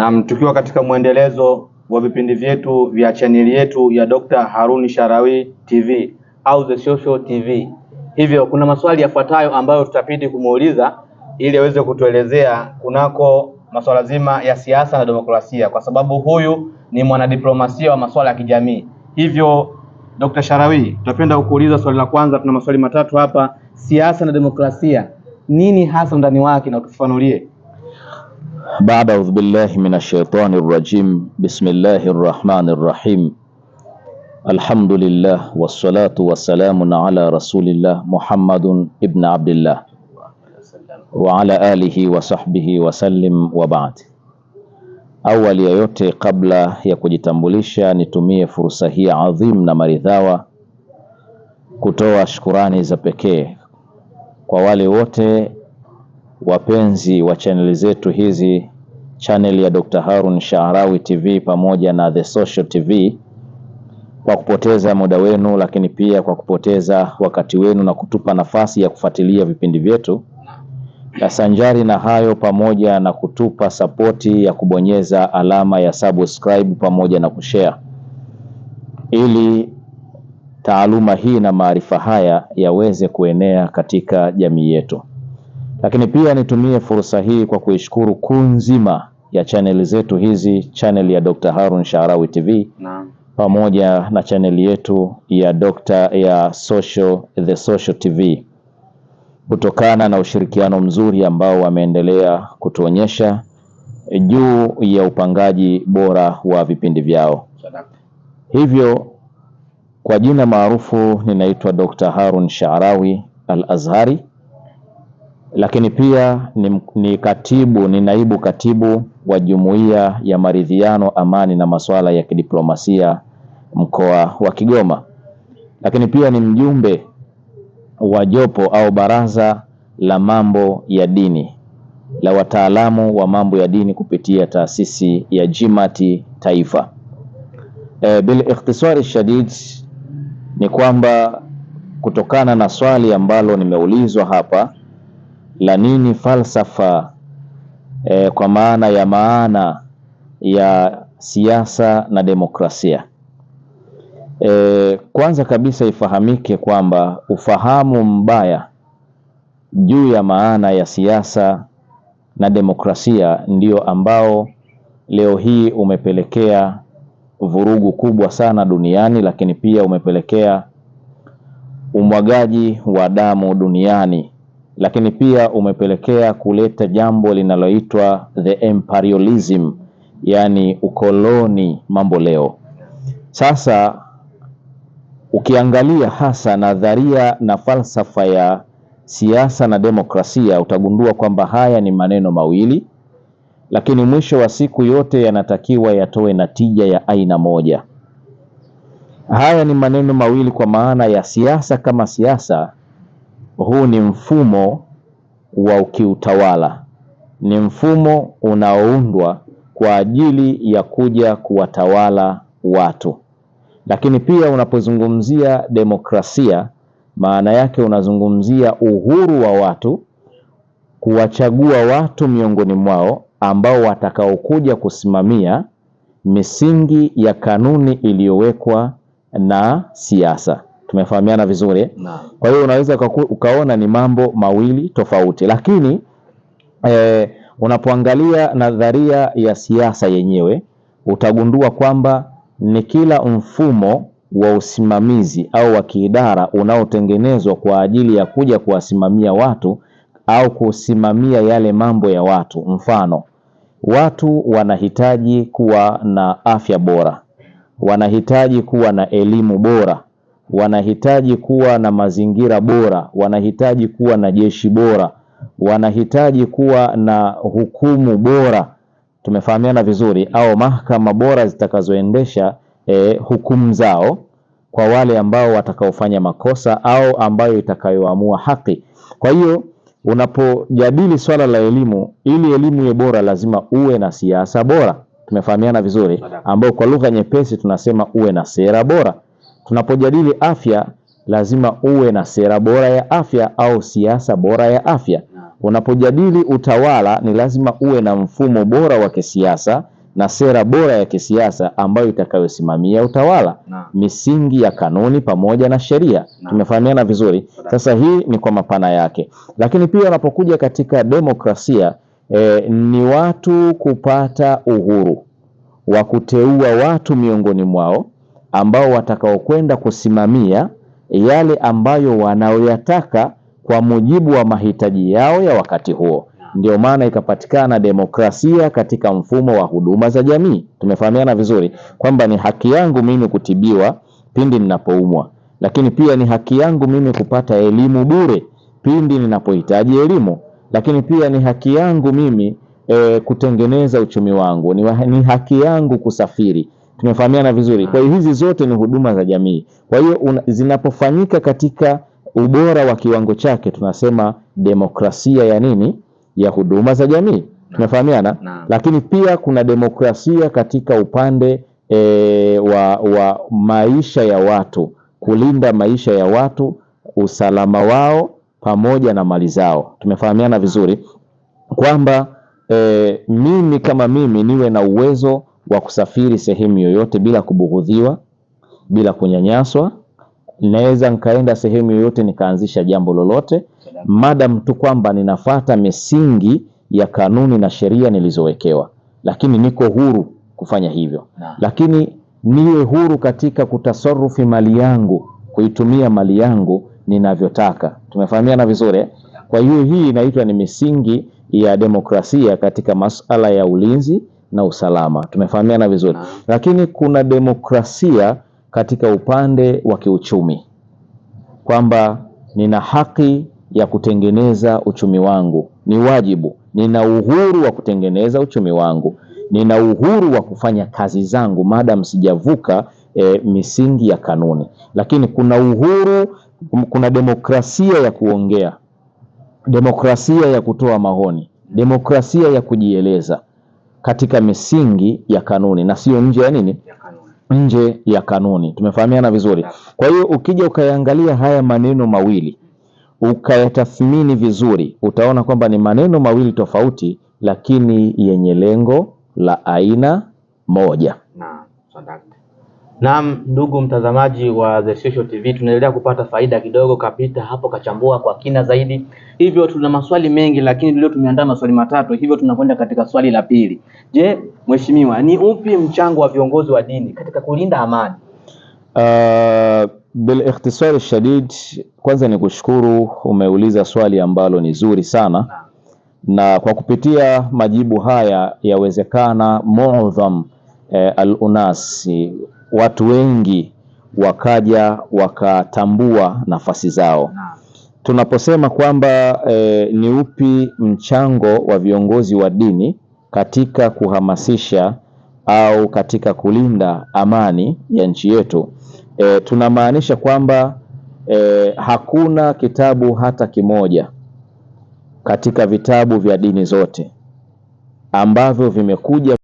Naam, tukiwa katika mwendelezo wa vipindi vyetu vya chaneli yetu ya Dr. haruni Sharawi TV au The Social TV. Hivyo kuna maswali yafuatayo ambayo tutapidi kumuuliza ili aweze kutuelezea kunako masuala zima ya siasa na demokrasia, kwa sababu huyu ni mwanadiplomasia wa masuala ya kijamii. Hivyo Dr. Sharawi, tutapenda kukuuliza swali la kwanza. Tuna maswali matatu hapa. Siasa na demokrasia, nini hasa ndani wake, na utufanulie. Baada audhu billahi minash shaitani rrajim bismillahir rahmanir rahim alhamdulillah wassalatu wassalamun ala rasulillah Muhammadun ibn abdillah wa ala alihi wa sahbihi wasallim wa baad. Awali ya yote, kabla ya kujitambulisha, nitumie fursa hii adhim na maridhawa kutoa shukurani za pekee kwa wale wote wapenzi wa chaneli zetu hizi, chaneli ya Dr. Harun Sha'rawi TV pamoja na The Social TV, kwa kupoteza muda wenu, lakini pia kwa kupoteza wakati wenu na kutupa nafasi ya kufuatilia vipindi vyetu, na sanjari na hayo, pamoja na kutupa sapoti ya kubonyeza alama ya subscribe pamoja na kushare ili taaluma hii na maarifa haya yaweze kuenea katika jamii yetu. Lakini pia nitumie fursa hii kwa kuishukuru kuu nzima ya chaneli zetu hizi, chaneli ya Dr. Harun Sharawi TV na pamoja na chaneli yetu ya Dr. ya Social, The Social TV kutokana na ushirikiano mzuri ambao wameendelea kutuonyesha juu ya upangaji bora wa vipindi vyao. Hivyo kwa jina maarufu ninaitwa Dr. Harun Sharawi Al-Azhari lakini pia ni, ni katibu ni naibu katibu wa Jumuiya ya Maridhiano, Amani na Masuala ya Kidiplomasia mkoa wa Kigoma, lakini pia ni mjumbe wa jopo au baraza la mambo ya dini la wataalamu wa mambo ya dini kupitia taasisi ya Jimati Taifa. E, bil ikhtisari shadid ni kwamba kutokana na swali ambalo nimeulizwa hapa la nini falsafa e, kwa maana ya maana ya siasa na demokrasia. E, kwanza kabisa ifahamike kwamba ufahamu mbaya juu ya maana ya siasa na demokrasia ndio ambao leo hii umepelekea vurugu kubwa sana duniani, lakini pia umepelekea umwagaji wa damu duniani lakini pia umepelekea kuleta jambo linaloitwa the imperialism, yaani ukoloni mambo leo. Sasa ukiangalia hasa nadharia na falsafa ya siasa na demokrasia utagundua kwamba haya ni maneno mawili, lakini mwisho wa siku yote yanatakiwa yatoe natija ya aina moja. Haya ni maneno mawili kwa maana ya siasa kama siasa huu ni mfumo wa kiutawala, ni mfumo unaoundwa kwa ajili ya kuja kuwatawala watu. Lakini pia unapozungumzia demokrasia, maana yake unazungumzia uhuru wa watu kuwachagua watu miongoni mwao ambao watakaokuja kusimamia misingi ya kanuni iliyowekwa na siasa tumefahamiana vizuri. Kwa hiyo unaweza ukaona ni mambo mawili tofauti, lakini e, unapoangalia nadharia ya siasa yenyewe utagundua kwamba ni kila mfumo wa usimamizi au wa kiidara unaotengenezwa kwa ajili ya kuja kuwasimamia watu au kusimamia yale mambo ya watu. Mfano, watu wanahitaji kuwa na afya bora, wanahitaji kuwa na elimu bora, wanahitaji kuwa na mazingira bora, wanahitaji kuwa na jeshi bora, wanahitaji kuwa na hukumu bora, tumefahamiana vizuri, au mahakama bora zitakazoendesha e, hukumu zao kwa wale ambao watakaofanya makosa au ambayo itakayoamua haki. Kwa hiyo unapojadili swala la elimu, ili elimu iwe bora, lazima uwe na siasa bora, tumefahamiana vizuri, ambao kwa lugha nyepesi tunasema uwe na sera bora. Tunapojadili afya lazima uwe na sera bora ya afya au siasa bora ya afya. Unapojadili utawala ni lazima uwe na mfumo bora wa kisiasa na sera bora ya kisiasa ambayo itakayosimamia utawala na misingi ya kanuni pamoja na sheria. Tumefahamiana vizuri. Sasa hii ni kwa mapana yake, lakini pia unapokuja katika demokrasia eh, ni watu kupata uhuru wa kuteua watu miongoni mwao ambao watakaokwenda kusimamia yale ambayo wanayoyataka kwa mujibu wa mahitaji yao ya wakati huo. Ndio maana ikapatikana demokrasia katika mfumo wa huduma za jamii. Tumefahamiana vizuri kwamba ni haki yangu mimi kutibiwa pindi ninapoumwa, lakini pia ni haki yangu mimi kupata elimu bure pindi ninapohitaji elimu, lakini pia ni haki yangu mimi e, kutengeneza uchumi wangu, ni, ni haki yangu kusafiri. Tumefahamiana vizuri. Kwa hiyo hizi zote ni huduma za jamii. Kwa hiyo zinapofanyika katika ubora wa kiwango chake, tunasema demokrasia ya nini? Ya huduma za jamii. Tumefahamiana. Lakini pia kuna demokrasia katika upande e, wa, wa maisha ya watu, kulinda maisha ya watu, usalama wao pamoja na mali zao. Tumefahamiana vizuri kwamba e, mimi kama mimi niwe na uwezo wa kusafiri sehemu yoyote bila kubughudhiwa, bila kunyanyaswa. Naweza nikaenda sehemu yoyote nikaanzisha jambo lolote, madam tu kwamba ninafata misingi ya kanuni na sheria nilizowekewa, lakini niko huru kufanya hivyo na. Lakini niwe huru katika kutasarufi mali yangu, kuitumia mali yangu ninavyotaka. Tumefahamiana vizuri. Eh? Kwa hiyo hii inaitwa ni misingi ya demokrasia katika masala ya ulinzi na usalama. Tumefahamiana vizuri, ah. lakini kuna demokrasia katika upande wa kiuchumi, kwamba nina haki ya kutengeneza uchumi wangu, ni wajibu. Nina uhuru wa kutengeneza uchumi wangu, nina uhuru wa kufanya kazi zangu maadamu sijavuka e, misingi ya kanuni. Lakini kuna uhuru, kuna demokrasia ya kuongea, demokrasia ya kutoa maoni, demokrasia ya kujieleza katika misingi ya kanuni na sio nje ya nini Nje ya kanuni tumefahamiana vizuri. Kwa hiyo ukija ukayaangalia haya maneno mawili ukayatathmini vizuri, utaona kwamba ni maneno mawili tofauti, lakini yenye lengo la aina moja na, Naam, ndugu mtazamaji wa The Social TV, tunaendelea kupata faida kidogo. Kapita hapo kachambua kwa kina zaidi, hivyo tuna maswali mengi, lakini leo tumeandaa maswali matatu, hivyo tunakwenda katika swali la pili. Je, mheshimiwa, ni upi mchango wa viongozi wa dini katika kulinda amani? Uh, bil shadid, kwanza ni kushukuru, umeuliza swali ambalo ni zuri sana na kwa kupitia majibu haya yawezekana muadham eh, al unasi watu wengi wakaja wakatambua nafasi zao. Tunaposema kwamba e, ni upi mchango wa viongozi wa dini katika kuhamasisha au katika kulinda amani ya nchi yetu, e, tunamaanisha kwamba e, hakuna kitabu hata kimoja katika vitabu vya dini zote ambavyo vimekuja